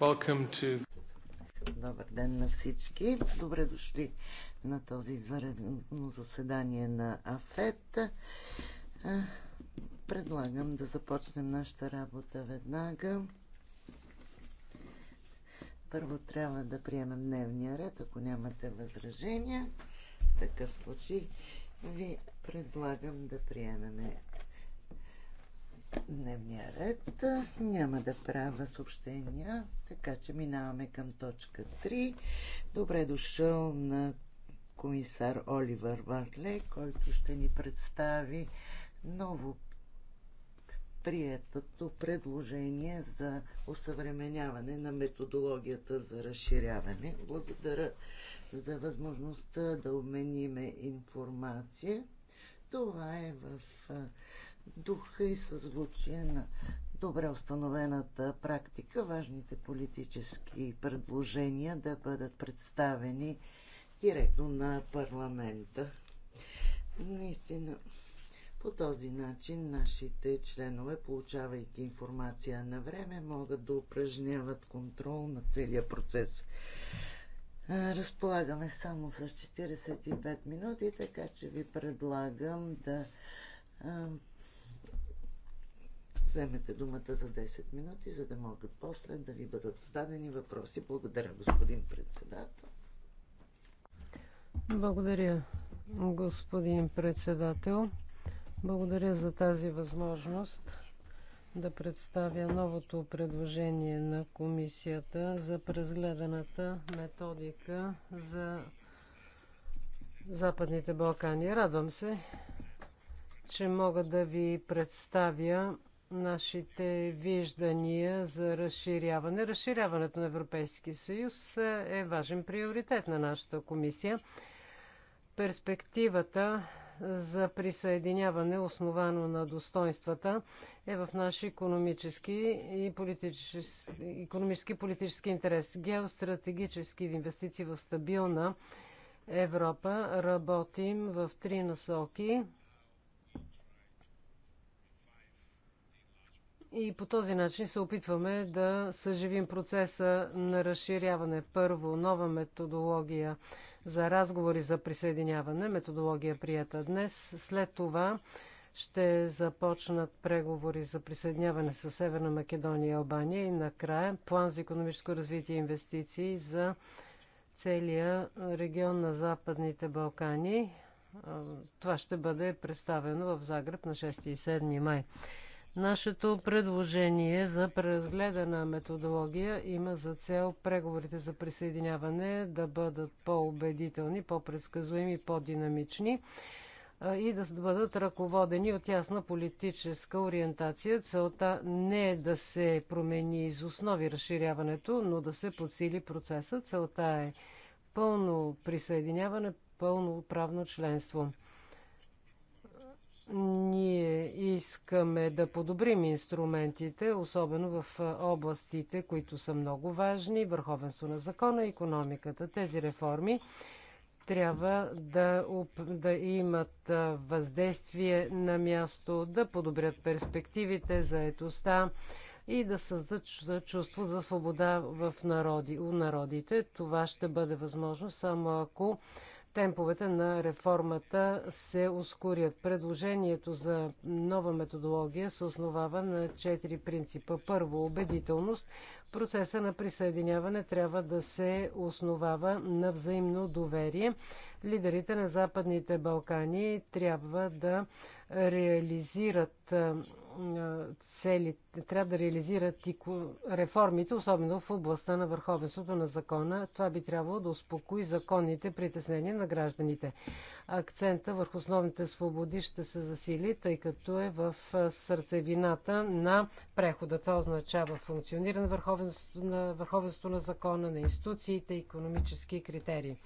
Добър ден на всички. Добре дошли на този извънредно заседание на АФЕТ. Предлагам да започнем нашата работа веднага. Първо трябва да приемем дневния ред, ако нямате възражения. В такъв случай ви предлагам да приемеме дневния ред. Няма да правя съобщения, така че минаваме към точка 3. Добре дошъл на комисар Оливър Варле, който ще ни представи ново приетото предложение за осъвременяване на методологията за разширяване. Благодаря за възможността да обмениме информация. Това е в духа и съзвучие на добре установената практика, важните политически предложения да бъдат представени директно на парламента. Наистина, по този начин нашите членове, получавайки информация на време, могат да упражняват контрол на целия процес. Разполагаме само с 45 минути, така че ви предлагам да вземете думата за 10 минути, за да могат после да ви бъдат зададени въпроси. Благодаря, господин председател. Благодаря, господин председател. Благодаря за тази възможност да представя новото предложение на комисията за презгледаната методика за Западните Балкани. Радвам се, че мога да ви представя нашите виждания за разширяване. Разширяването на Европейския съюз е, е важен приоритет на нашата комисия. Перспективата за присъединяване, основано на достоинствата, е в наши економически и политически, економически, политически интерес. Геостратегически инвестиции в стабилна Европа работим в три насоки И по този начин се опитваме да съживим процеса на разширяване. Първо, нова методология за разговори за присъединяване, методология прията днес. След това ще започнат преговори за присъединяване с Северна Македония и Албания и накрая план за економическо развитие и инвестиции за целия регион на Западните Балкани. Това ще бъде представено в Загреб на 6 и 7 май. Нашето предложение за преразгледана методология има за цел преговорите за присъединяване да бъдат по-убедителни, по-предсказуеми, по-динамични и да бъдат ръководени от ясна политическа ориентация. Целта не е да се промени из основи разширяването, но да се подсили процеса. Целта е пълно присъединяване, пълно правно членство. Ние искаме да подобрим инструментите, особено в областите, които са много важни върховенство на закона, економиката. Тези реформи трябва да, да имат въздействие на място, да подобрят перспективите, заетостта и да създадат чувство за свобода в народи, у народите. Това ще бъде възможно само ако темповете на реформата се ускорят. Предложението за нова методология се основава на четири принципа. Първо, убедителност. Процеса на присъединяване трябва да се основава на взаимно доверие. Лидерите на Западните Балкани трябва да реализират целите, трябва да реализират и реформите, особено в областта на върховенството на закона. Това би трябвало да успокои законните притеснения на гражданите. Акцента върху основните свободи ще се засили, тъй като е в сърцевината на прехода. Това означава функциониране върховенството на, върховенството на закона, на институциите, економически критерии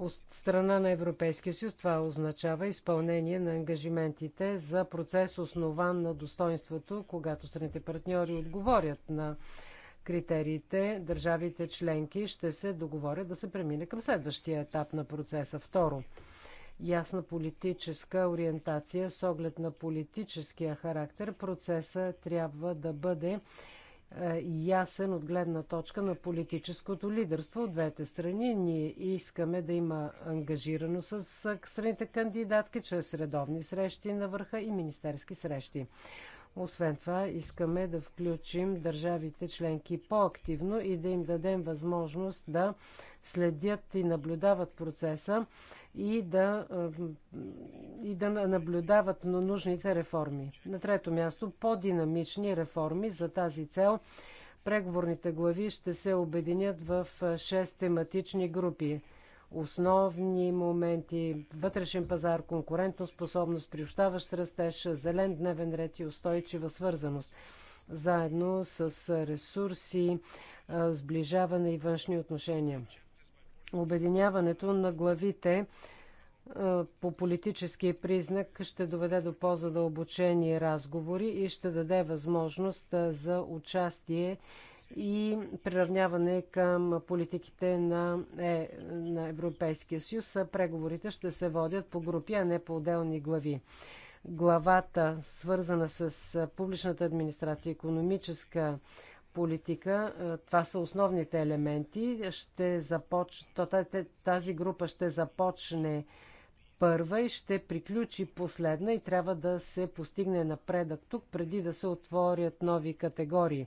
от страна на Европейския съюз. Това означава изпълнение на ангажиментите за процес основан на достоинството, когато страните партньори отговорят на критериите, държавите членки ще се договорят да се премине към следващия етап на процеса. Второ, ясна политическа ориентация с оглед на политическия характер. Процеса трябва да бъде е, ясен от гледна точка на политическото лидерство от двете страни. Ние искаме да има ангажирано с страните кандидатки чрез редовни срещи на върха и министерски срещи. Освен това, искаме да включим държавите членки по-активно и да им дадем възможност да следят и наблюдават процеса и да, и да наблюдават нужните реформи. На трето място, по-динамични реформи за тази цел. Преговорните глави ще се обединят в 6 тематични групи основни моменти, вътрешен пазар, способност, приобщаващ растеж, зелен дневен ред и устойчива свързаност заедно с ресурси, сближаване и външни отношения. Обединяването на главите по политически признак ще доведе до по-задълбочени разговори и ще даде възможност за участие и приравняване към политиките на, е, на Европейския съюз. Преговорите ще се водят по групи, а не по отделни глави. Главата, свързана с публичната администрация, економическа политика, е, това са основните елементи. Ще започ... Тази група ще започне първа и ще приключи последна и трябва да се постигне напредък тук, преди да се отворят нови категории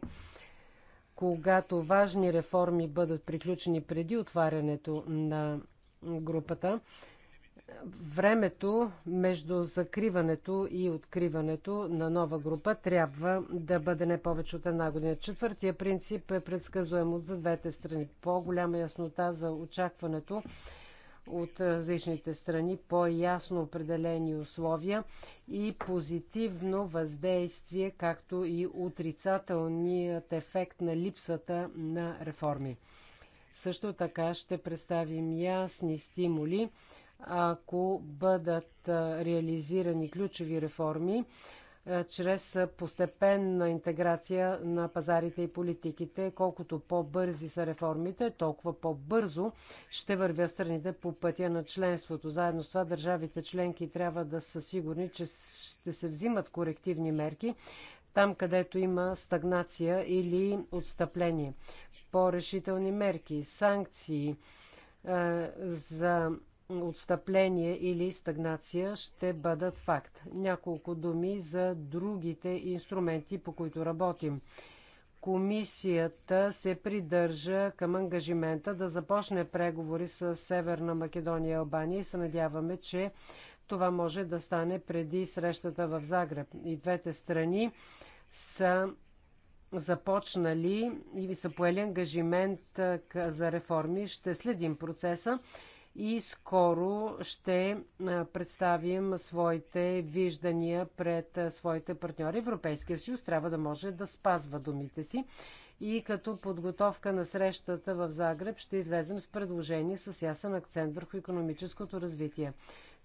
когато важни реформи бъдат приключени преди отварянето на групата, времето между закриването и откриването на нова група трябва да бъде не повече от една година. Четвъртия принцип е предсказуемост за двете страни. По-голяма яснота за очакването от различните страни по-ясно определени условия и позитивно въздействие, както и отрицателният ефект на липсата на реформи. Също така ще представим ясни стимули, ако бъдат реализирани ключови реформи, е, чрез постепенна интеграция на пазарите и политиките. Колкото по-бързи са реформите, толкова по-бързо ще вървят страните по пътя на членството. Заедно с това държавите членки трябва да са сигурни, че ще се взимат корективни мерки там, където има стагнация или отстъпление. По-решителни мерки, санкции е, за отстъпление или стагнация ще бъдат факт. Няколко думи за другите инструменти, по които работим. Комисията се придържа към ангажимента да започне преговори с Северна Македония и Албания и се надяваме, че това може да стане преди срещата в Загреб. И двете страни са започнали и са поели ангажимент за реформи. Ще следим процеса и скоро ще представим своите виждания пред своите партньори. Европейския съюз трябва да може да спазва думите си и като подготовка на срещата в Загреб ще излезем с предложение с ясен акцент върху економическото развитие.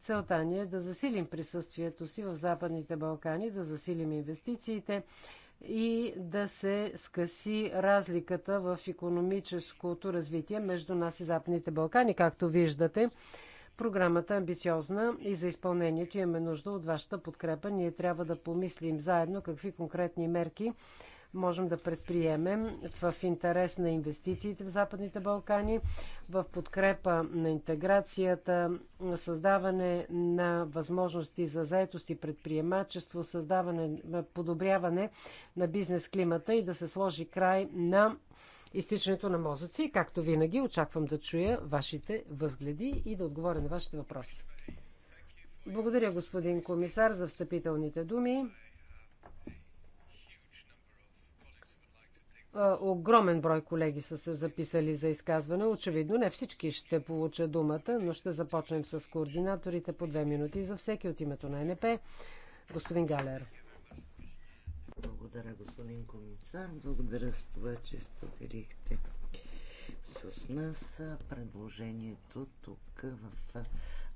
Целта ни е да засилим присъствието си в Западните Балкани, да засилим инвестициите, и да се скъси разликата в економическото развитие между нас и Западните Балкани. Както виждате, програмата е амбициозна и за изпълнението имаме нужда от вашата подкрепа. Ние трябва да помислим заедно какви конкретни мерки можем да предприемем в интерес на инвестициите в Западните Балкани, в подкрепа на интеграцията, създаване на възможности за заетост и предприемачество, създаване, подобряване на бизнес климата и да се сложи край на изтичането на мозъци. Както винаги, очаквам да чуя вашите възгледи и да отговоря на вашите въпроси. Благодаря, господин комисар, за встъпителните думи огромен брой колеги са се записали за изказване. Очевидно не всички ще получат думата, но ще започнем с координаторите по две минути за всеки от името на НП. Господин Галер. Благодаря, господин комисар. Благодаря за това, че споделихте с нас предложението тук в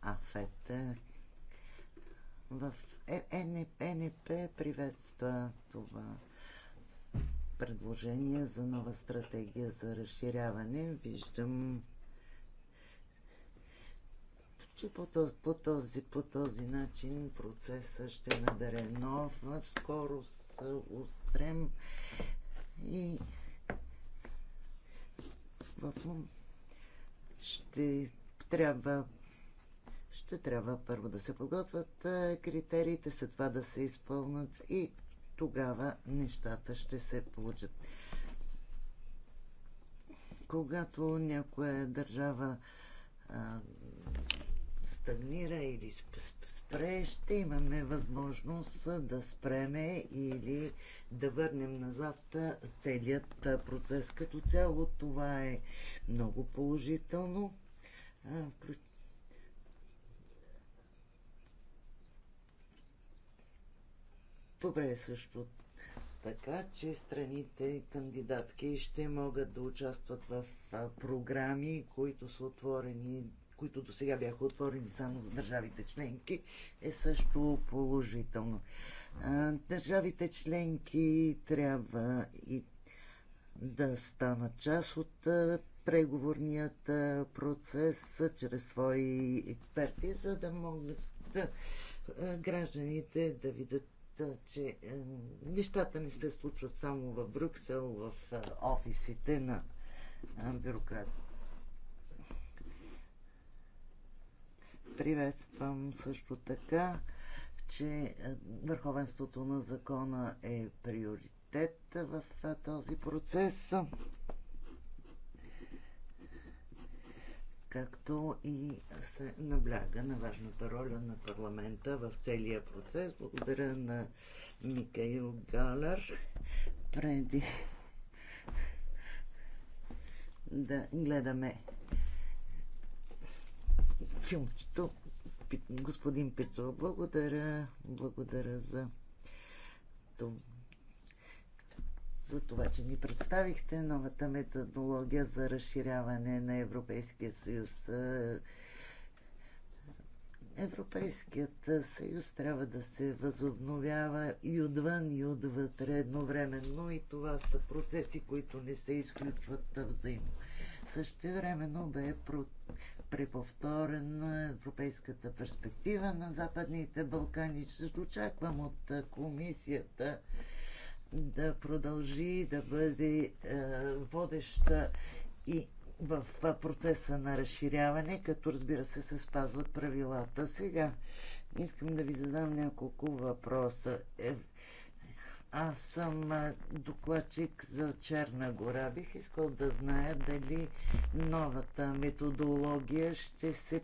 АФЕТА. В ЕНП, е, ЕНП приветства това предложения за нова стратегия за разширяване. Виждам, че по този, по този, по този начин процеса ще набере нова скорост, устрем и в ще трябва ще трябва първо да се подготвят критериите, след това да се изпълнат и тогава нещата ще се получат. Когато някоя държава а, стагнира или спре, ще имаме възможност да спреме или да върнем назад целият процес. Като цяло това е много положително. Добре е също така, че страните кандидатки ще могат да участват в програми, които са отворени, които до сега бяха отворени само за държавите членки, е също положително. Държавите членки трябва и да станат част от преговорният процес чрез свои експерти, за да могат гражданите да видят че е, нещата не се случват само в Брюксел, в е, офисите на е, бюрократите. Приветствам също така, че върховенството на закона е приоритет в този процес. както и се набляга на важната роля на парламента в целия процес. Благодаря на Микаил Галер. Преди да гледаме филмчето, господин Пицо, благодаря, благодаря за това за това, че ни представихте новата методология за разширяване на Европейския съюз. Европейският съюз трябва да се възобновява и отвън, и отвътре едновременно, и това са процеси, които не се изключват взаимно. времено бе преповторена европейската перспектива на Западните Балкани. Ще очаквам от комисията да продължи да бъде е, водеща и в процеса на разширяване, като разбира се се спазват правилата. Сега искам да ви задам няколко въпроса. Е, аз съм е, докладчик за Черна гора. Бих искал да зная дали новата методология ще се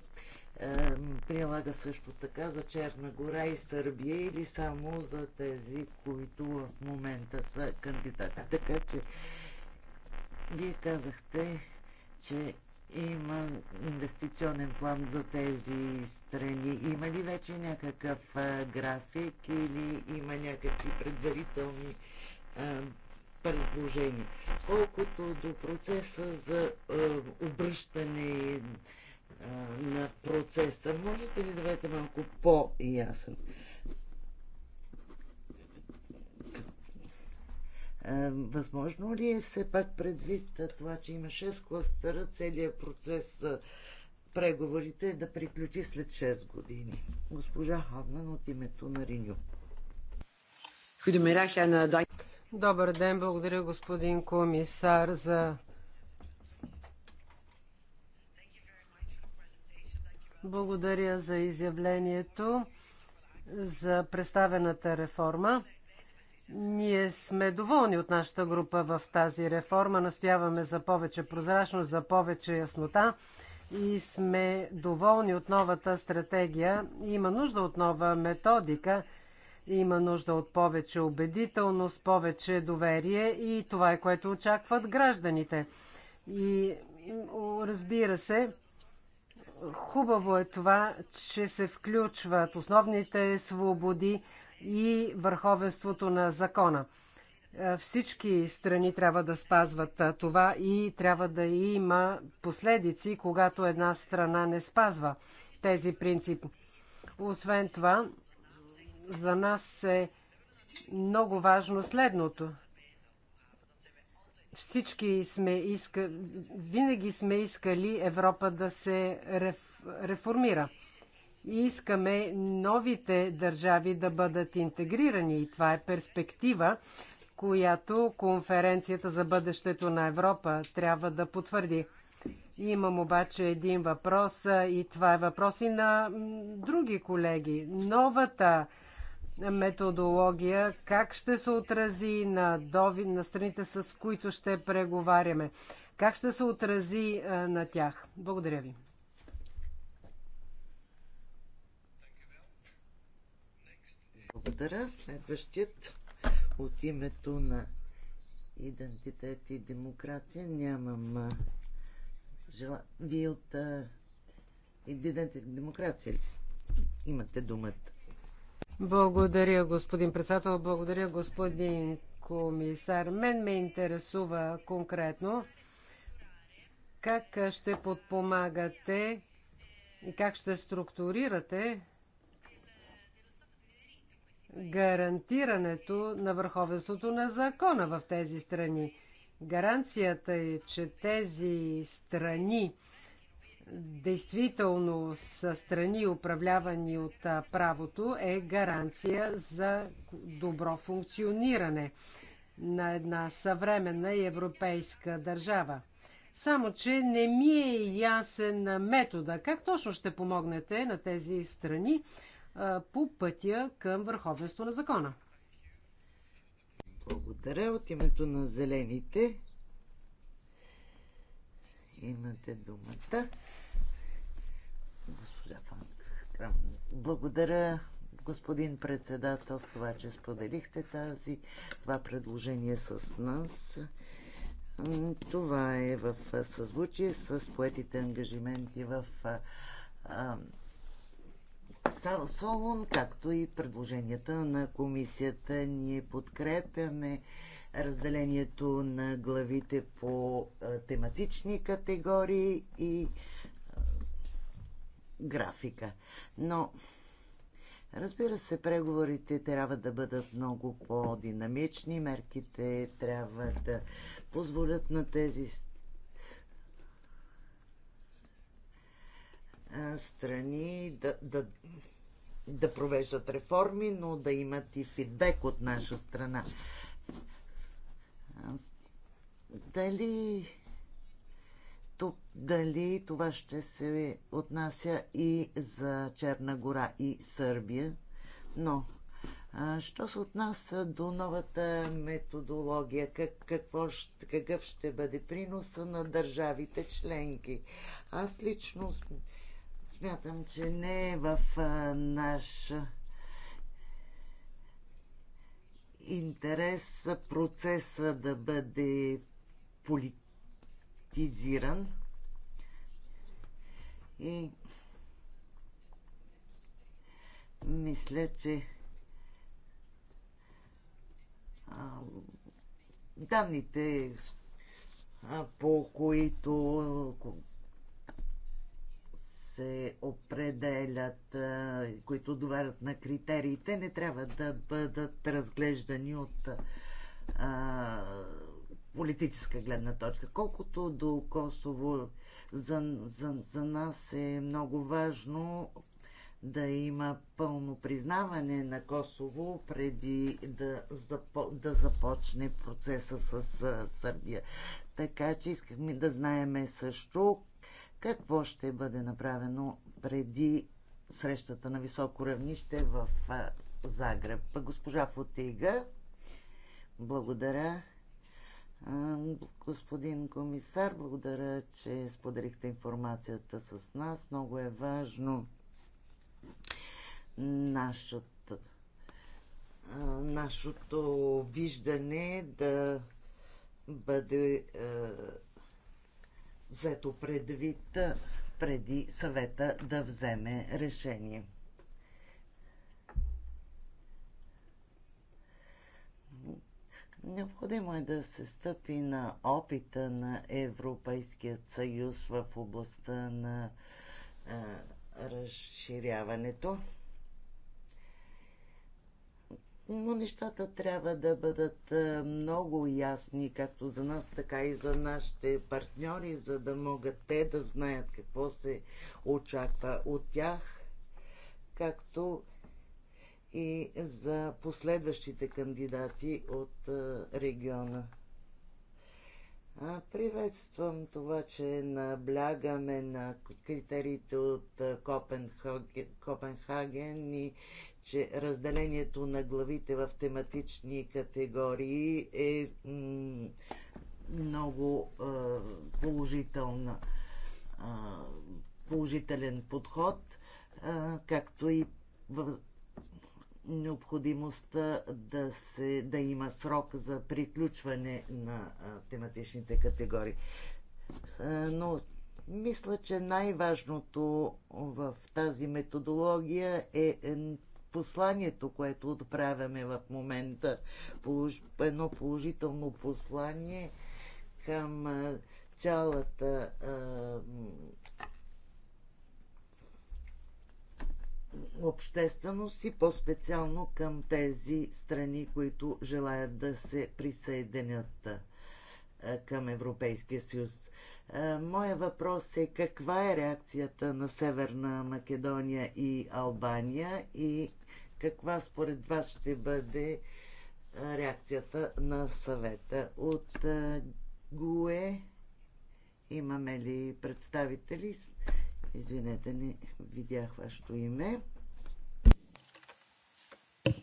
прилага също така за Черна гора и Сърбия или само за тези, които в момента са кандидати. Така че вие казахте, че има инвестиционен план за тези страни. Има ли вече някакъв е, график или има някакви предварителни е, предложения? Колкото до процеса за е, обръщане и на процеса. Можете ли да бъдете малко по-ясен? Възможно ли е все пак предвид това, че има 6 кластера, целият процес преговорите да приключи след 6 години? Госпожа Хагман от името на Риню. Eh, Добър ден, благодаря господин комисар за Благодаря за изявлението за представената реформа. Ние сме доволни от нашата група в тази реформа. Настояваме за повече прозрачност, за повече яснота и сме доволни от новата стратегия. Има нужда от нова методика, има нужда от повече убедителност, повече доверие и това е което очакват гражданите. И разбира се, Хубаво е това, че се включват основните свободи и върховенството на закона. Е, всички страни трябва да спазват е, това и трябва да има последици, когато една страна не спазва тези принципи. Освен това, за нас е много важно следното – всички сме иска... винаги сме искали Европа да се реф... реформира. И искаме новите държави да бъдат интегрирани. И това е перспектива, която конференцията за бъдещето на Европа трябва да потвърди. Имам обаче един въпрос и това е въпрос и на други колеги. Новата методология, как ще се отрази на дови, на страните, с които ще преговаряме, как ще се отрази е, на тях. Благодаря ви. Благодаря. Следващият от името на идентитет и демокрация нямам е, жела... Вие от е, идентитет и демокрация ли Имате думата. Благодаря, господин председател. Благодаря, господин комисар. Мен ме интересува конкретно как ще подпомагате и как ще структурирате гарантирането на върховенството на закона в тези страни. Гаранцията е, че тези страни действително са страни, управлявани от правото, е гаранция за добро функциониране на една съвременна европейска държава. Само, че не ми е ясен метода. Как точно ще помогнете на тези страни а, по пътя към върховенство на закона? Благодаря от името на зелените. Имате думата. Госпожа Фанк. Благодаря, господин председател, с това, че споделихте тази, това предложение с нас. Това е в съзвучие с поетите ангажименти в Солун, както и предложенията на комисията. Ние подкрепяме разделението на главите по тематични категории и графика. Но Разбира се, преговорите трябва да бъдат много по-динамични, мерките трябва да позволят на тези страни да, да, да провеждат реформи, но да имат и фидбек от наша страна. Дали, тук, дали това ще се отнася и за Черна гора и Сърбия, но Що се отнася до новата методология, как, какво, какъв ще бъде приноса на държавите членки? Аз лично Смятам, че не е в наш интерес процеса да бъде политизиран и мисля, че данните, по които се определят, които отговарят на критериите, не трябва да бъдат разглеждани от а, политическа гледна точка. Колкото до Косово, за, за, за нас е много важно да има пълно признаване на Косово преди да, запо, да започне процеса с а, Сърбия. Така че искахме да знаеме също какво ще бъде направено преди срещата на високо равнище в Загреб? Госпожа Фотига, благодаря. Господин комисар, благодаря, че споделихте информацията с нас. Много е важно нашото нашото виждане да бъде взето предвид преди съвета да вземе решение. Необходимо е да се стъпи на опита на Европейският съюз в областта на а, разширяването но нещата трябва да бъдат е, много ясни, както за нас, така и за нашите партньори, за да могат те да знаят какво се очаква от тях, както и за последващите кандидати от е, региона. Приветствам това, че наблягаме на критериите от Копенхаген, Копенхаген и че разделението на главите в тематични категории е много положителна, положителен подход, както и в необходимостта да, се, да има срок за приключване на а, тематичните категории. А, но мисля, че най-важното в тази методология е, е посланието, което отправяме в момента. Полож... Едно положително послание към цялата а, общественост и по-специално към тези страни, които желаят да се присъединят е, към Европейския съюз. Е, моя въпрос е каква е реакцията на Северна Македония и Албания и каква според вас ще бъде е, реакцията на съвета. От ГУЕ имаме ли представители? Извинете, не видях вашето име.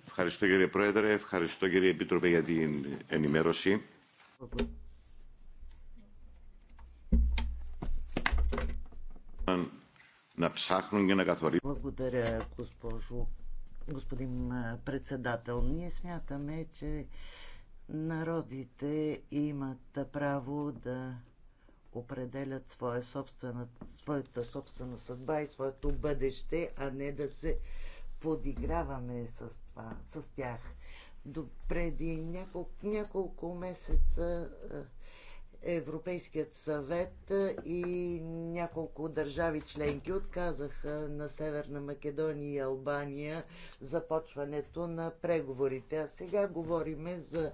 Ευχαριστώ κύριε Πρόεδρε, ευχαριστώ κύριε Επίτροπε για την ενημέρωση. Να ψάχνουν και να καθορίζουν. Благодаря, госпожо, господин председател. Ние смятаме, че народите имат право да определят своя собствена, своята собствена съдба и своето бъдеще, а не да се подиграваме с, това, с тях. До преди няколко, няколко месеца е, Европейският съвет е, и няколко държави членки отказаха на Северна Македония и Албания започването на преговорите. А сега говориме за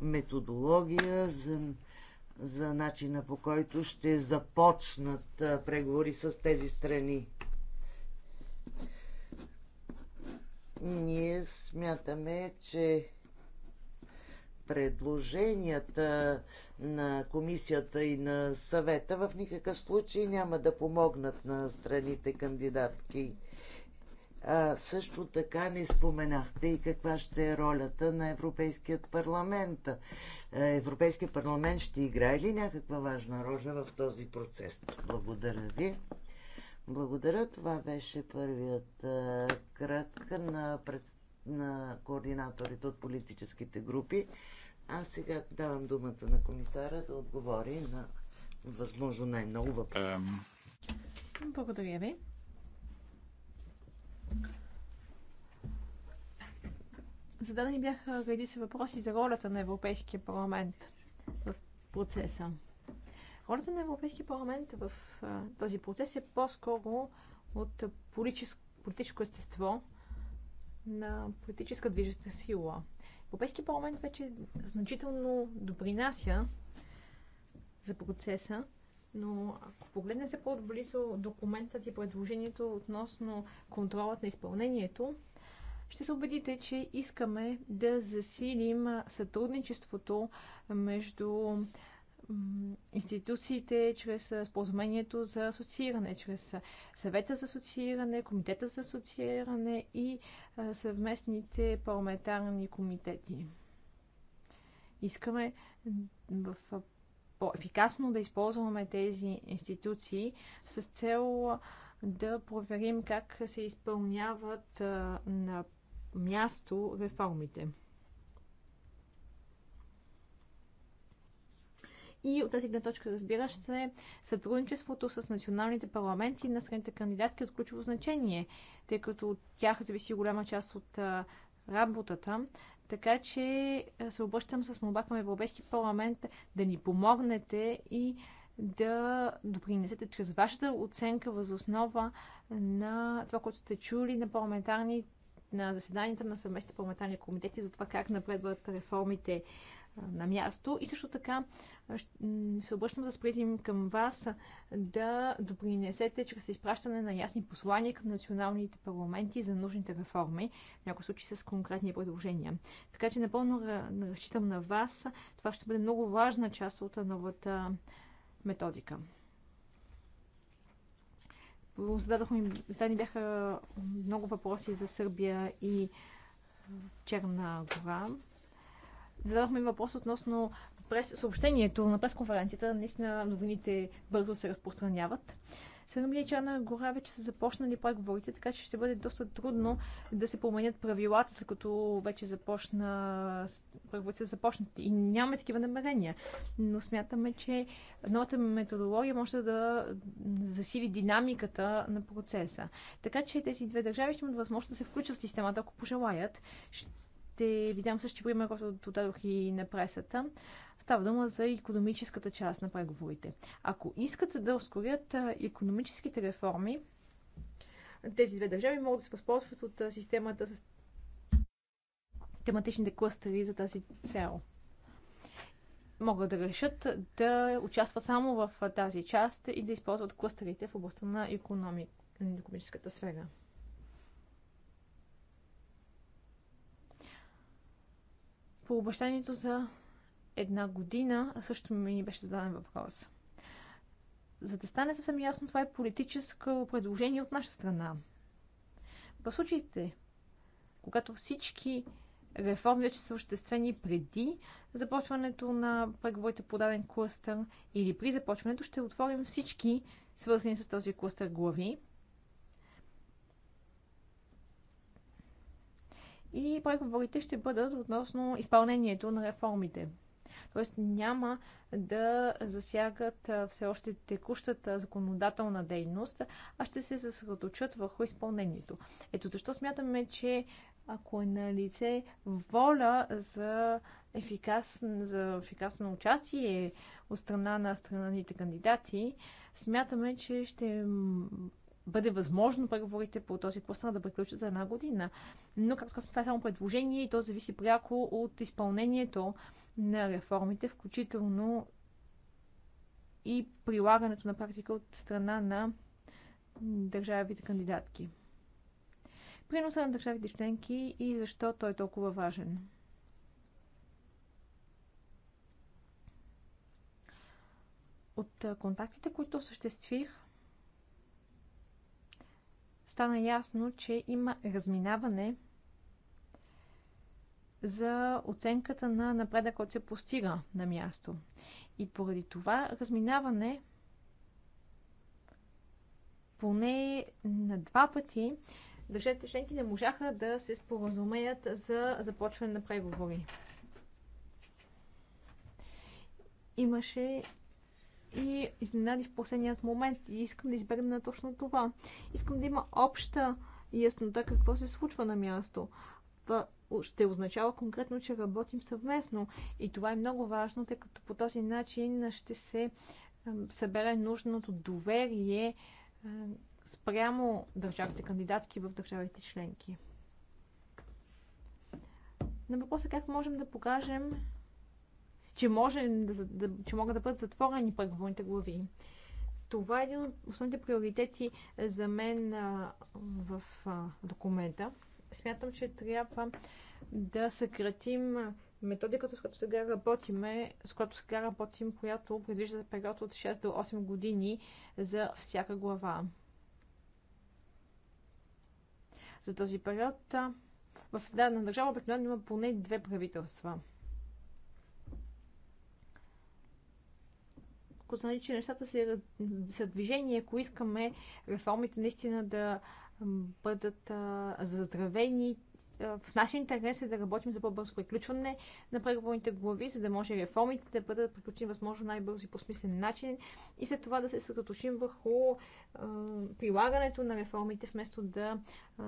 методология, за за начина по който ще започнат преговори с тези страни. Ние смятаме, че предложенията на комисията и на съвета в никакъв случай няма да помогнат на страните кандидатки а, също така не споменахте и каква ще е ролята на Европейският парламент. Европейският парламент ще играе ли някаква важна роля в този процес? Благодаря ви. Благодаря. Това беше първият а, кръг на, пред... на координаторите от политическите групи. Аз сега давам думата на комисара да отговори на възможно най-много въпроси. Благодаря ви. Зададени бяха се въпроси за ролята на Европейския парламент в процеса. Ролята на Европейския парламент в този процес е по-скоро от политическо естество на политическа движеща сила. Европейския парламент вече значително допринася за процеса но ако погледнете се по-отблизо документът и предложението относно контролът на изпълнението, ще се убедите, че искаме да засилим сътрудничеството между институциите, чрез споразумението за асоцииране, чрез съвета за асоцииране, комитета за асоцииране и съвместните парламентарни комитети. Искаме в по-ефикасно да използваме тези институции с цел да проверим как се изпълняват на място реформите. И от тази гледна точка, разбира се, сътрудничеството с националните парламенти на страните кандидатки е от ключово значение, тъй като от тях зависи голяма част от работата. Така че се обръщам с молба към Европейски парламент да ни помогнете и да допринесете чрез вашата оценка въз основа на това, което сте чули на парламентарни на заседанията на съвместните парламентарни комитети за това как напредват реформите на място. И също така се обръщам за призим към вас да допринесете чрез изпращане на ясни послания към националните парламенти за нужните реформи, в някои случаи с конкретни предложения. Така че напълно разчитам на вас. Това ще бъде много важна част от новата методика. Зададохме им, зададени бяха много въпроси за Сърбия и Черна гора зададохме въпрос относно през съобщението на пресконференцията. Наистина новините бързо се разпространяват. че Анна гора вече са започнали преговорите, така че ще бъде доста трудно да се променят правилата, след като вече започна, преговорите са започнати. И нямаме такива намерения. Но смятаме, че новата методология може да засили динамиката на процеса. Така че тези две държави ще имат възможност да се включат в системата, ако пожелаят. Ще ще ви дам същия пример, който дадох и на пресата. Става дума за економическата част на преговорите. Ако искат да ускорят економическите реформи, тези две държави могат да се възползват от системата с тематичните клъстери за тази цел. Могат да решат да участват само в тази част и да използват клъстерите в областта на економическата сфера. по обещанието за една година, също ми беше зададен въпрос. За да стане съвсем ясно, това е политическо предложение от наша страна. В случаите, когато всички реформи вече са съществени преди започването на преговорите по даден клъстър или при започването, ще отворим всички свързани с този клъстър глави и преговорите ще бъдат относно изпълнението на реформите. Тоест няма да засягат все още текущата законодателна дейност, а ще се съсредоточат върху изпълнението. Ето защо смятаме, че ако е на лице воля за ефикасно, за ефикасно участие от страна на страните кандидати, смятаме, че ще бъде възможно преговорите по този пластан да приключат за една година. Но, както казвам, това е само предложение и то зависи пряко от изпълнението на реформите, включително и прилагането на практика от страна на държавите кандидатки. Приноса на държавите членки и защо той е толкова важен. От контактите, които осъществих, стана ясно, че има разминаване за оценката на напредък, който се постига на място. И поради това разминаване поне на два пъти държавите членки не можаха да се споразумеят за започване на преговори. Имаше и изненади в последният момент и искам да избегна точно това. Искам да има обща яснота какво се случва на място. Това ще означава конкретно, че работим съвместно и това е много важно, тъй като по този начин ще се събере нужното доверие спрямо държавите кандидатки в държавите членки. На въпроса как можем да покажем че, може да, да, че могат да бъдат затворени преговорните глави. Това е един от основните приоритети за мен а, в а, документа. Смятам, че трябва да съкратим методиката, с която сега работиме, с която сега работим, която предвижда за период от 6 до 8 години за всяка глава. За този период в дадена държава обикновено има поне две правителства – ако знали, че нещата се са движение, ако искаме реформите наистина да бъдат заздравени, в нашия интерес е да работим за по-бързо приключване на преговорните глави, за да може реформите да бъдат приключени възможно най-бързо и по смислен начин и след това да се съсредоточим върху е, прилагането на реформите, вместо да е,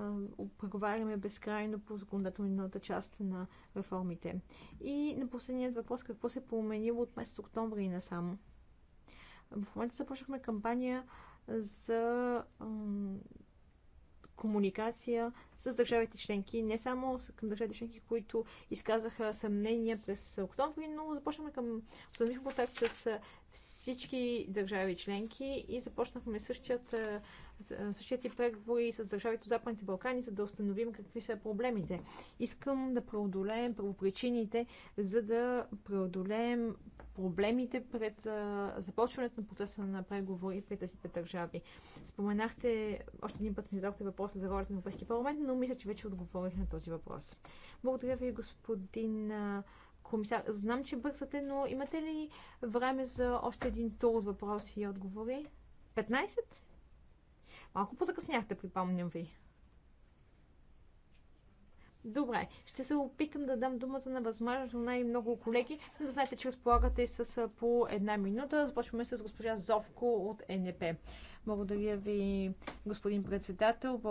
преговаряме безкрайно по законодателната част на реформите. И на последният въпрос, какво се е променило от месец октомври насам? В момента започнахме кампания за комуникация с държавите членки, не само към държавите членки, които изказаха съмнения през октомври, но започнахме към установихме контакт с всички държави членки и започнахме същият, същият и преговори с държавите от Западните Балкани, за да установим какви са проблемите. Искам да преодолеем правопричините, за да преодолеем проблемите пред започването на процеса на преговори при тези пет държави. Споменахте, още един път ми зададохте въпроса за ролята на Европейския парламент, но мисля, че вече отговорих на този въпрос. Благодаря ви, господин комисар. Знам, че бързате, но имате ли време за още един тур от въпроси и отговори? 15? Малко позакъсняхте, припомням ви. Добре, ще се опитам да дам думата на възможно най-много колеги, да знаете, че разполагате с по една минута. Започваме с госпожа Зовко от НП. Благодаря ви, господин председател.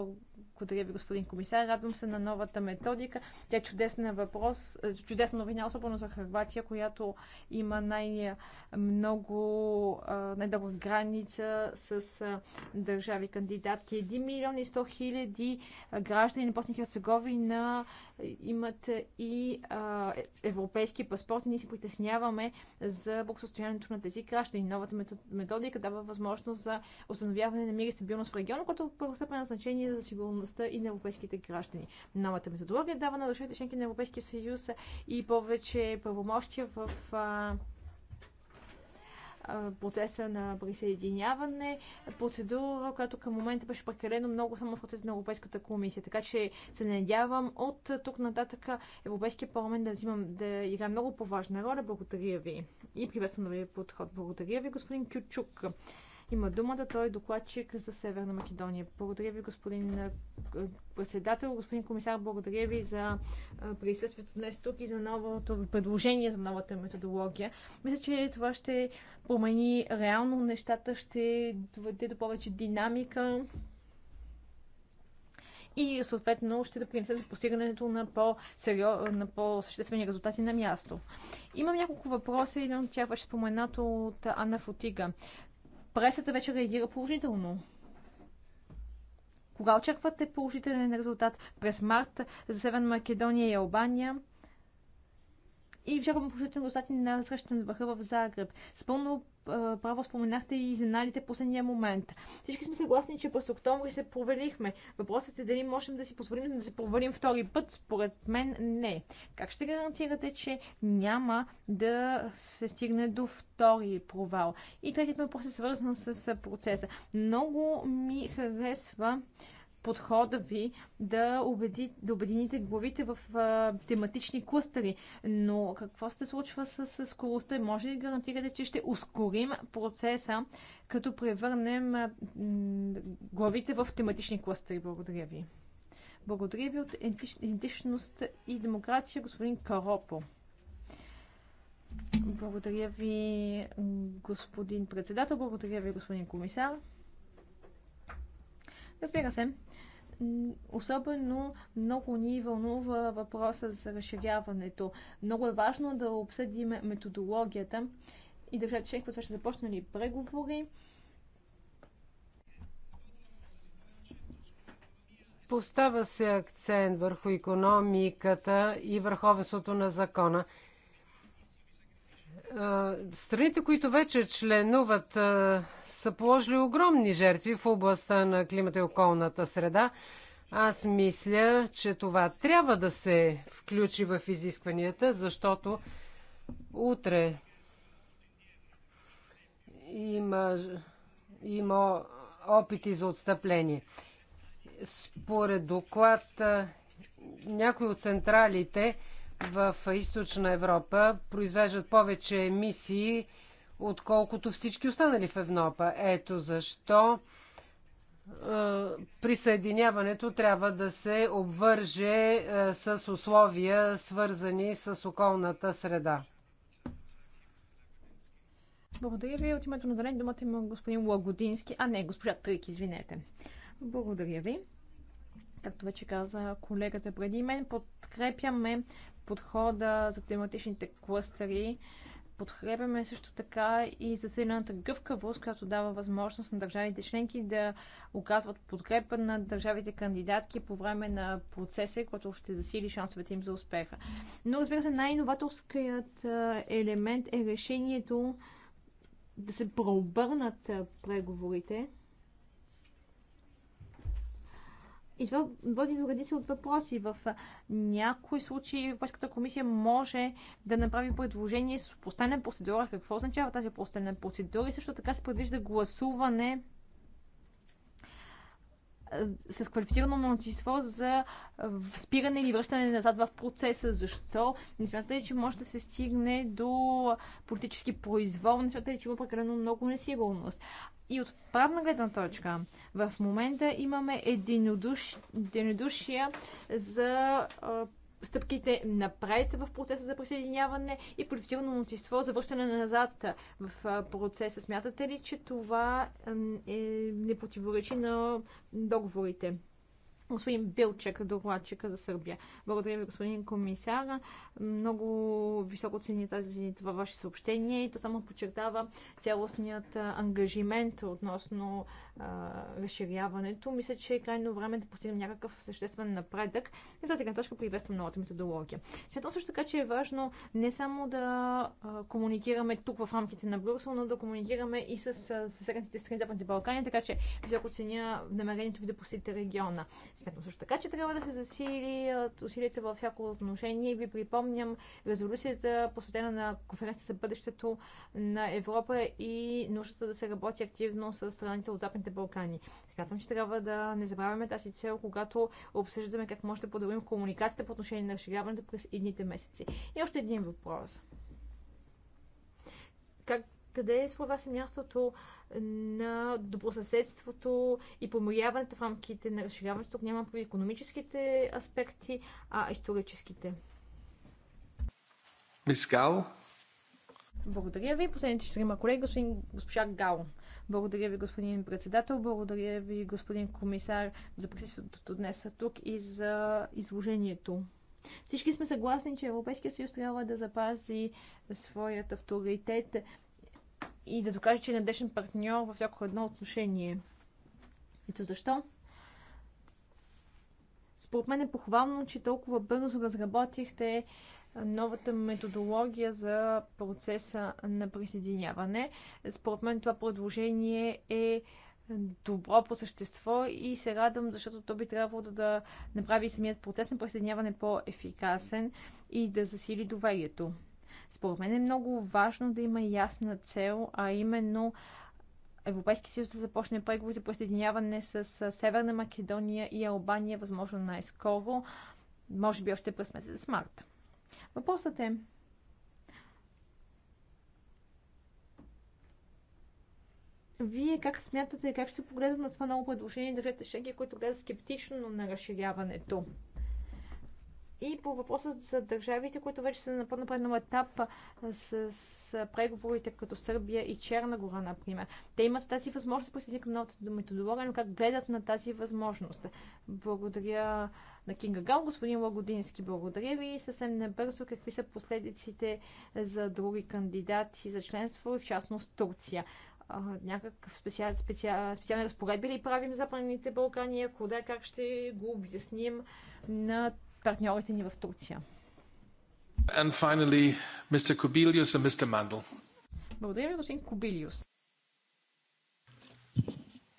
Благодаря ви, господин комисар. Радвам се на новата методика. Тя е чудесна въпрос, е, чудесна новина, особено за Харватия, която има най-много, най-дълга граница с държави кандидатки. 1 милион и 100 хиляди граждани на Босния Херцеговина имат и а, европейски паспорт. Ние се притесняваме за благосостоянието на тези граждани. Новата методика дава възможност за установяване на мир и стабилност в региона, което първостепенно е значение за сигурността и на европейските граждани. Новата методология дава на държавите членки на Европейския съюз и повече правомощия в а, процеса на присъединяване, процедура, която към момента беше прекалено много само в процес на Европейската комисия. Така че се надявам от тук нататък Европейския парламент да, взимам, да играе много по-важна роля. Благодаря ви. И приветствам новия подход. Благодаря ви, господин Кючук. Има думата, той е докладчик за Северна Македония. Благодаря ви, господин председател, господин комисар, благодаря ви за присъствието днес тук и за новото предложение за новата методология. Мисля, че това ще промени реално нещата, ще доведе до повече динамика и съответно ще допринесе за постигането на, по на по-съществени резултати на място. Имам няколко въпроса, един от тях беше споменато от Анна Фотига пресата вече реагира положително. Кога очаквате положителен резултат? През март за Северна Македония и Албания. И вчакваме положителни резултати на срещане на върха в Загреб. С пълно право споменахте и изненадите последния момент. Всички сме съгласни, че през октомври се провалихме. Въпросът е дали можем да си позволим да се провалим втори път. Според мен не. Как ще гарантирате, че няма да се стигне до втори провал? И третият въпрос е свързан с процеса. Много ми харесва подхода ви да, убеди, да обедините главите в а, тематични клъстери. Но какво се случва с, с скоростта? Може ли гарантирате, че ще ускорим процеса, като превърнем а, главите в тематични клъстери? Благодаря ви. Благодаря ви от идентичност и демокрация, господин Каропо. Благодаря ви, господин председател. Благодаря ви, господин комисар. Разбира се, особено много ни вълнува въпроса за разширяването. Много е важно да обсъдим методологията и да членки, които ще започнали преговори. Постава се акцент върху економиката и върховенството на закона. Е, страните, които вече членуват е, са положили огромни жертви в областта на климата и околната среда. Аз мисля, че това трябва да се включи в изискванията, защото утре има, има опити за отстъпление. Според доклад, някои от централите в източна Европа произвеждат повече емисии отколкото всички останали в Европа. Ето защо е, присъединяването трябва да се обвърже е, с условия, свързани с околната среда. Благодаря ви. От името на Зелени думата има господин Лагодински, а не госпожа Трик, извинете. Благодаря ви. Както вече каза колегата преди мен, подкрепяме подхода за тематичните клъстери. Подкрепяме също така и засилената гъвкавост, която дава възможност на държавите членки да оказват подкрепа на държавите кандидатки по време на процеса, който ще засили шансовете им за успеха. Но разбира се, най-инноваторският елемент е решението да се прообърнат преговорите И това води до редица от въпроси. В някои случаи Европейската комисия може да направи предложение с постоянна процедура. Какво означава тази постоянна процедура? И също така се предвижда гласуване с квалифицирано мнозинство за спиране или връщане назад в процеса. Защо? Не смятате ли, че може да се стигне до политически произвол? Не смятате ли, че има прекалено много несигурност? И от правна гледна точка, в момента имаме единодушие за стъпките напред в процеса за присъединяване и политическо мнозинство за връщане назад в процеса. Смятате ли, че това е, не противоречи на договорите? господин Билчек, докладчика за Сърбия. Благодаря ви, господин комисар. Много високо цени тази, това ваше съобщение и то само подчертава цялостният ангажимент относно а, разширяването. Мисля, че е крайно време да постигнем някакъв съществен напредък. И тази гледна точка приветствам новата методология. Смятам също така, че е важно не само да комуникираме тук в рамките на Брюксел, но да комуникираме и с съседните страни Западните Балкани, така че високо ценя намерението ви да посетите региона. Смятам също така, че трябва да се засили усилията във всяко отношение ви припомням резолюцията, посветена на конференция за бъдещето на Европа и нуждата да се работи активно с страните от Западните Балкани. Смятам, че трябва да не забравяме тази цел, когато обсъждаме как може да подобрим комуникацията по отношение на разширяването през едните месеци. И още един въпрос къде е според вас мястото на добросъседството и помиряването в рамките на разширяването? Тук няма по економическите аспекти, а историческите. Мис Благодаря ви. Последните четирима колеги, господин, госпожа Гао, Благодаря ви, господин председател. Благодаря ви, господин комисар, за присъствието днес тук и за изложението. Всички сме съгласни, че Европейския съюз трябва да запази своят авторитет и да докаже, че е надежден партньор във всяко едно отношение. Ето защо. Според мен е похвално, че толкова бързо разработихте новата методология за процеса на присъединяване. Според мен това предложение е добро по същество и се радвам, защото то би трябвало да, да направи самият процес на присъединяване по-ефикасен и да засили доверието. Според мен е много важно да има ясна цел, а именно Европейски съюз да започне преговори за присъединяване с Северна Македония и Албания, възможно най-скоро, може би още през месец март. Въпросът е, Вие как смятате, как ще погледнат на това ново предложение държавите шеги, които гледат скептично на разширяването? И по въпроса за държавите, които вече са на по-напреднал етап с, с преговорите като Сърбия и Черна гора, например. Те имат тази възможност да присъединят към новата методология, но как гледат на тази възможност. Благодаря на Кинга Гал, господин Лагодински, благодаря ви. Съвсем набързо, какви са последиците за други кандидати за членство и в частност Турция? някакъв специал, специал, специални разпоредби ли правим Западните Балкани? Ако да, как ще го обясним на партньорите ни в Турция. And finally, Mr. Kubilius and Mr. Mandel. Благодаря ви, господин Кобилиус.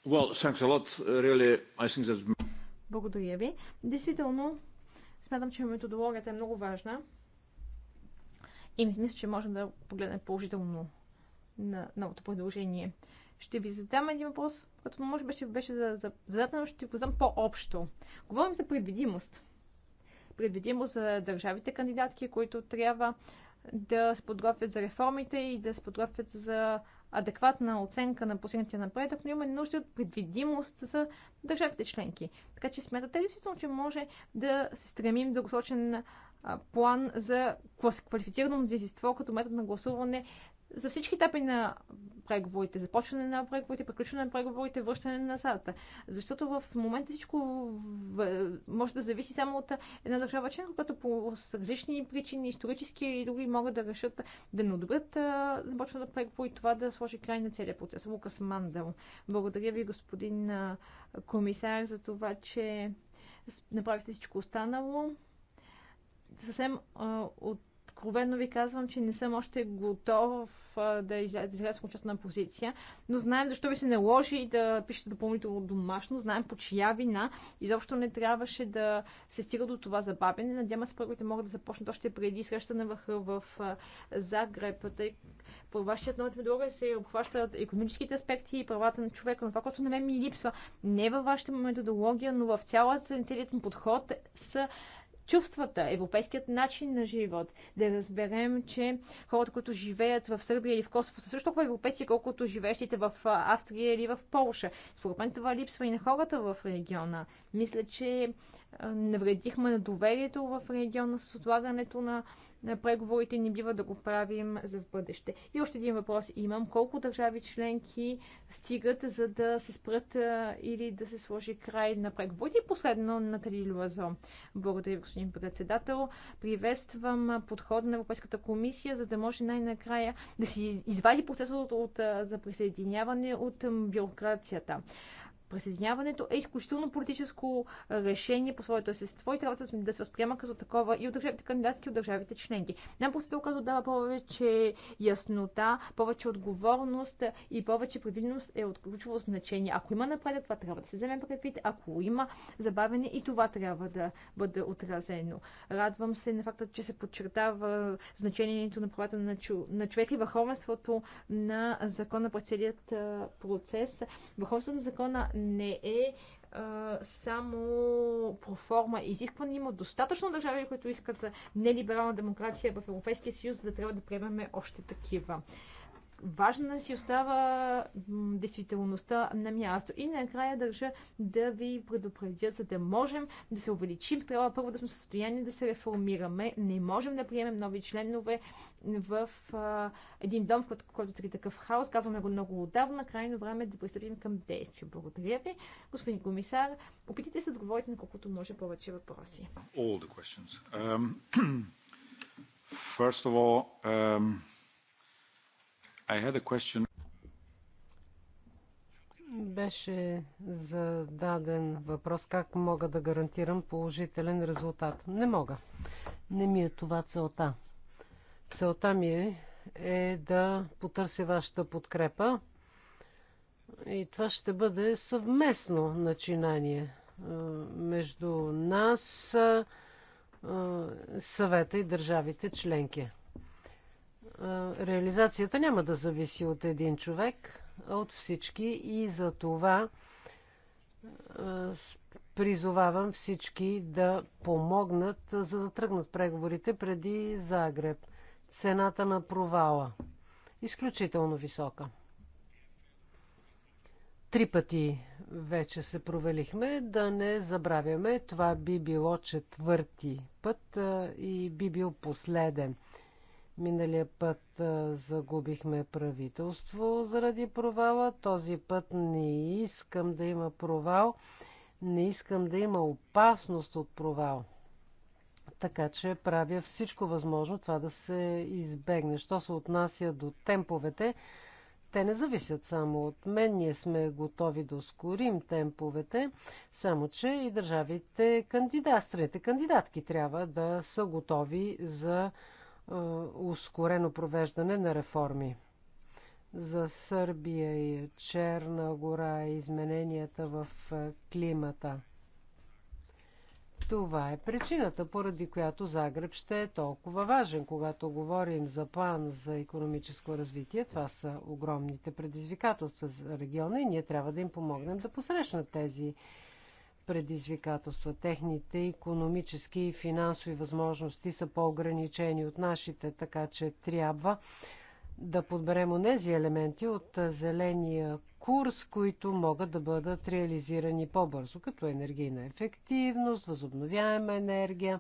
Well, thanks a lot. Really, I think that... Благодаря ви. Действително, смятам, че методологията е много важна. И мисля, че можем да погледнем положително на новото предложение. Ще ви задам един въпрос, който може би беше, беше за, за, зададен, но ще го задам по-общо. Говорим за предвидимост предвидимо за държавите кандидатки, които трябва да се подготвят за реформите и да се подготвят за адекватна оценка на постигнатия напредък, но имаме нужда от предвидимост за държавите членки. Така че смятате ли действително, че може да се стремим дългосрочен план за квалифицирано мнозинство като метод на гласуване за всички етапи на преговорите, започване на преговорите, приключване на преговорите, връщане на назад. Защото в момента всичко може да зависи само от една държава членка, която по различни причини, исторически или други, могат да решат да не одобрят започване на преговори и това да сложи край на целия процес. Лукас Мандел. Благодаря ви, господин комисар, за това, че направихте всичко останало. Съвсем от Откровенно ви казвам, че не съм още готов да изляза с окончателна позиция, но знаем защо ви се наложи да пишете допълнително домашно, знаем по чия вина. Изобщо не трябваше да се стига до това забавяне. Надявам се, първите могат да започнат още преди среща на върха в Загреб. Тъй, по вашият нов методология се обхващат економическите аспекти и правата на човека, но това, което на мен ми липсва не е във вашата методология, но в цялата, целият му подход са чувствата, европейският начин на живот. Да разберем, че хората, които живеят в Сърбия или в Косово, са също толкова европейци, колкото живеещите в Австрия или в Полша. Според мен това липсва и на хората в региона. Мисля, че навредихме на доверието в региона с отлагането на, на преговорите. Не бива да го правим за в бъдеще. И още един въпрос имам. Колко държави членки стигат, за да се спрат а, или да се сложи край на преговорите? И последно, Натали Луазо. Благодаря, господин председател. Приветствам подход на Европейската комисия, за да може най-накрая да си извади процесът от, от, за присъединяване от бюрокрацията. Присъединяването е изключително политическо решение по своето естество и трябва да се възприема като такова и от държавите кандидатки, и от държавите членки. Най-после оказва дава повече яснота, повече отговорност и повече предвидимост е от ключово значение. Ако има напредък, това трябва да се вземе предвид. Ако има забавене, и това трябва да бъде отразено. Радвам се на факта, че се подчертава значението на правата на, чу... на човека и върховенството на закона през целият процес. Върховенството на закона не е само проформа изискване. Има достатъчно държави, които искат нелиберална демокрация в Европейския съюз, за да трябва да приемаме още такива важна си остава действителността на място. И накрая държа да ви предупредя, за да можем да се увеличим, трябва първо да сме в състояние да се реформираме. Не можем да приемем нови членове в а, един дом, в който, който цари такъв хаос. Казваме го много отдавна. Крайно време е да пристъпим към действие. Благодаря ви, господин комисар. Опитайте се да отговорите на колкото може повече въпроси. All the questions. Um, first of all, um... Беше зададен въпрос как мога да гарантирам положителен резултат. Не мога. Не ми е това целта. Целта ми е, е да потърся вашата подкрепа. И това ще бъде съвместно начинание между нас, съвета и държавите членки реализацията няма да зависи от един човек, а от всички и за това призовавам всички да помогнат, за да тръгнат преговорите преди Загреб. Цената на провала. Изключително висока. Три пъти вече се провалихме, да не забравяме. Това би било четвърти път и би бил последен. Миналия път загубихме правителство заради провала. Този път не искам да има провал. Не искам да има опасност от провал. Така че правя всичко възможно това да се избегне. Що се отнася до темповете, те не зависят само от мен. Ние сме готови да ускорим темповете, само че и държавите кандидат, страните кандидатки трябва да са готови за е, ускорено провеждане на реформи. За Сърбия и Черна гора е измененията в е, климата. Това е причината, поради която Загреб ще е толкова важен. Когато говорим за план за економическо развитие, това са огромните предизвикателства за региона и ние трябва да им помогнем да посрещнат тези предизвикателства. Техните економически и финансови възможности са по-ограничени от нашите, така че трябва да подберем онези елементи от зеления курс, които могат да бъдат реализирани по-бързо, като енергийна ефективност, възобновяема енергия,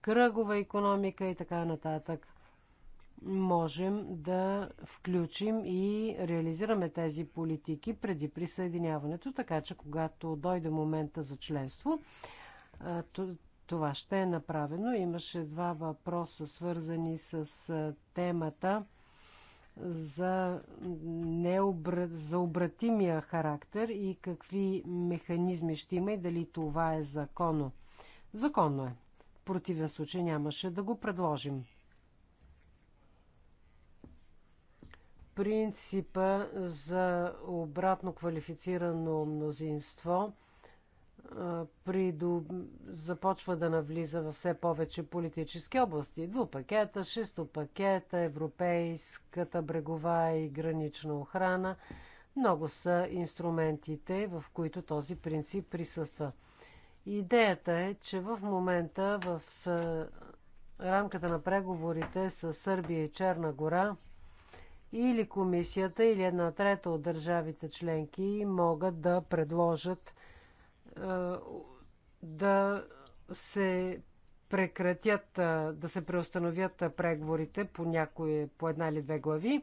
кръгова економика и така нататък можем да включим и реализираме тези политики преди присъединяването, така че когато дойде момента за членство, това ще е направено. Имаше два въпроса, свързани с темата за, необра... за обратимия характер и какви механизми ще има и дали това е законно. Законно е. В противен случай нямаше да го предложим. принципа за обратно квалифицирано мнозинство придоб... започва да навлиза във все повече политически области. Двупакета, шестопакета, европейската брегова и гранична охрана. Много са инструментите, в които този принцип присъства. Идеята е, че в момента в рамката на преговорите с Сърбия и Черна гора – или комисията, или една трета от държавите членки могат да предложат е, да се прекратят, е, да се преустановят преговорите по, някои, по една или две глави е,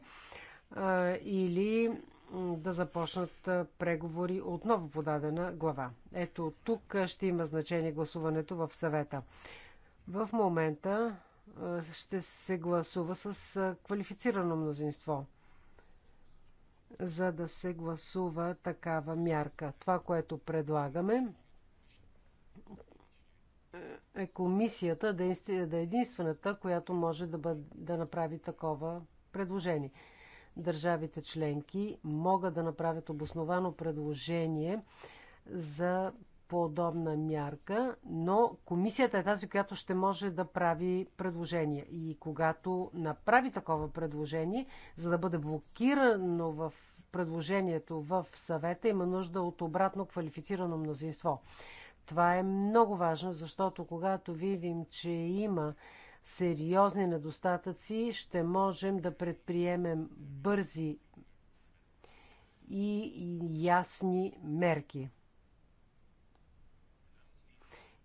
или да започнат преговори отново по дадена глава. Ето тук ще има значение гласуването в съвета. В момента ще се гласува с квалифицирано мнозинство, за да се гласува такава мярка. Това, което предлагаме, е комисията да е единствената, която може да, бъде, да направи такова предложение. Държавите членки могат да направят обосновано предложение за подобна мярка, но комисията е тази, която ще може да прави предложения. И когато направи такова предложение, за да бъде блокирано в предложението в съвета, има нужда от обратно квалифицирано мнозинство. Това е много важно, защото когато видим, че има сериозни недостатъци, ще можем да предприемем бързи и ясни мерки.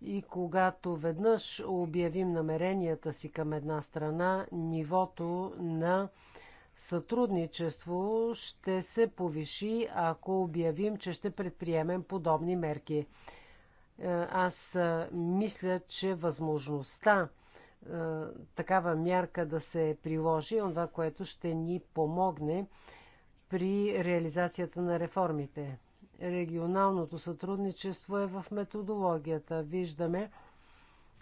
И когато веднъж обявим намеренията си към една страна, нивото на сътрудничество ще се повиши, ако обявим, че ще предприемем подобни мерки. Е, аз е, мисля, че възможността е, такава мярка да се приложи, това, което ще ни помогне при реализацията на реформите регионалното сътрудничество е в методологията. Виждаме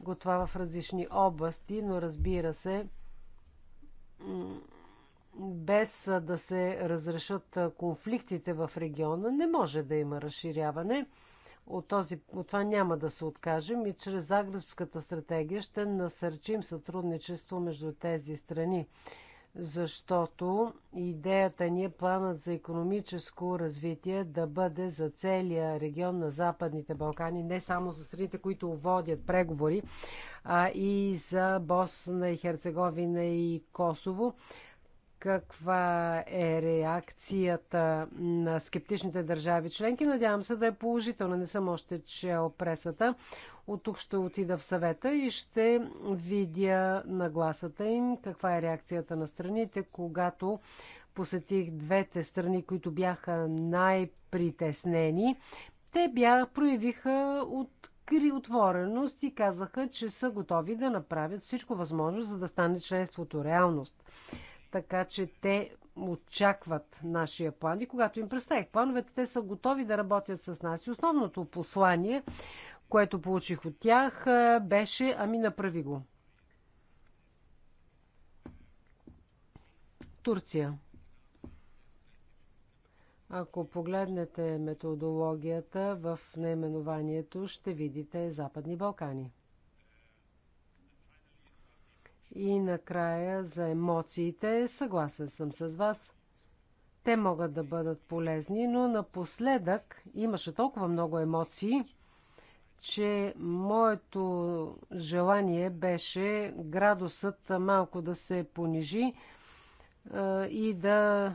го това в различни области, но разбира се, без да се разрешат конфликтите в региона, не може да има разширяване. От, този, от това няма да се откажем и чрез Загребската стратегия ще насърчим сътрудничество между тези страни защото идеята ни е планът за економическо развитие да бъде за целия регион на Западните Балкани, не само за страните, които водят преговори, а и за Босна и Херцеговина и Косово. Каква е реакцията на скептичните държави членки? Надявам се да е положителна. Не съм още чел пресата. От тук ще отида в съвета и ще видя нагласата им, каква е реакцията на страните, когато посетих двете страни, които бяха най-притеснени. Те бях, проявиха откри отвореност и казаха, че са готови да направят всичко възможно, за да стане членството реалност. Така че те очакват нашия план и когато им представих плановете, те са готови да работят с нас. И основното послание което получих от тях, беше ами направи го. Турция. Ако погледнете методологията в наименованието, ще видите Западни Балкани. И накрая за емоциите, съгласен съм с вас. Те могат да бъдат полезни, но напоследък имаше толкова много емоции, че моето желание беше градусът малко да се понижи и да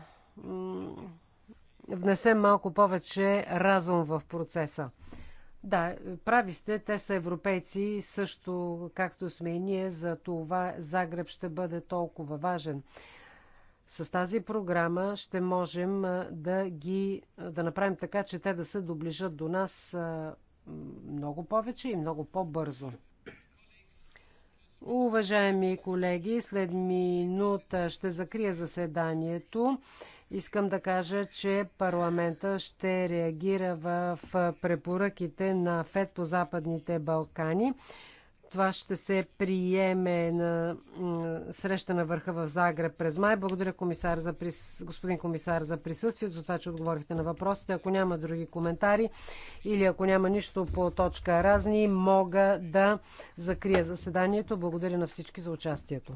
внесем малко повече разум в процеса. Да, прави сте, те са европейци, също както сме и ние, за това Загреб ще бъде толкова важен. С тази програма ще можем да ги да направим така, че те да се доближат до нас много повече и много по-бързо. Уважаеми колеги, след минута ще закрия заседанието. Искам да кажа, че парламента ще реагира в препоръките на ФЕД по Западните Балкани. Това ще се приеме на среща на върха в Загреб през май. Благодаря комисар за прис... господин комисар за присъствието, за това, че отговорихте на въпросите. Ако няма други коментари или ако няма нищо по точка разни, мога да закрия заседанието. Благодаря на всички за участието.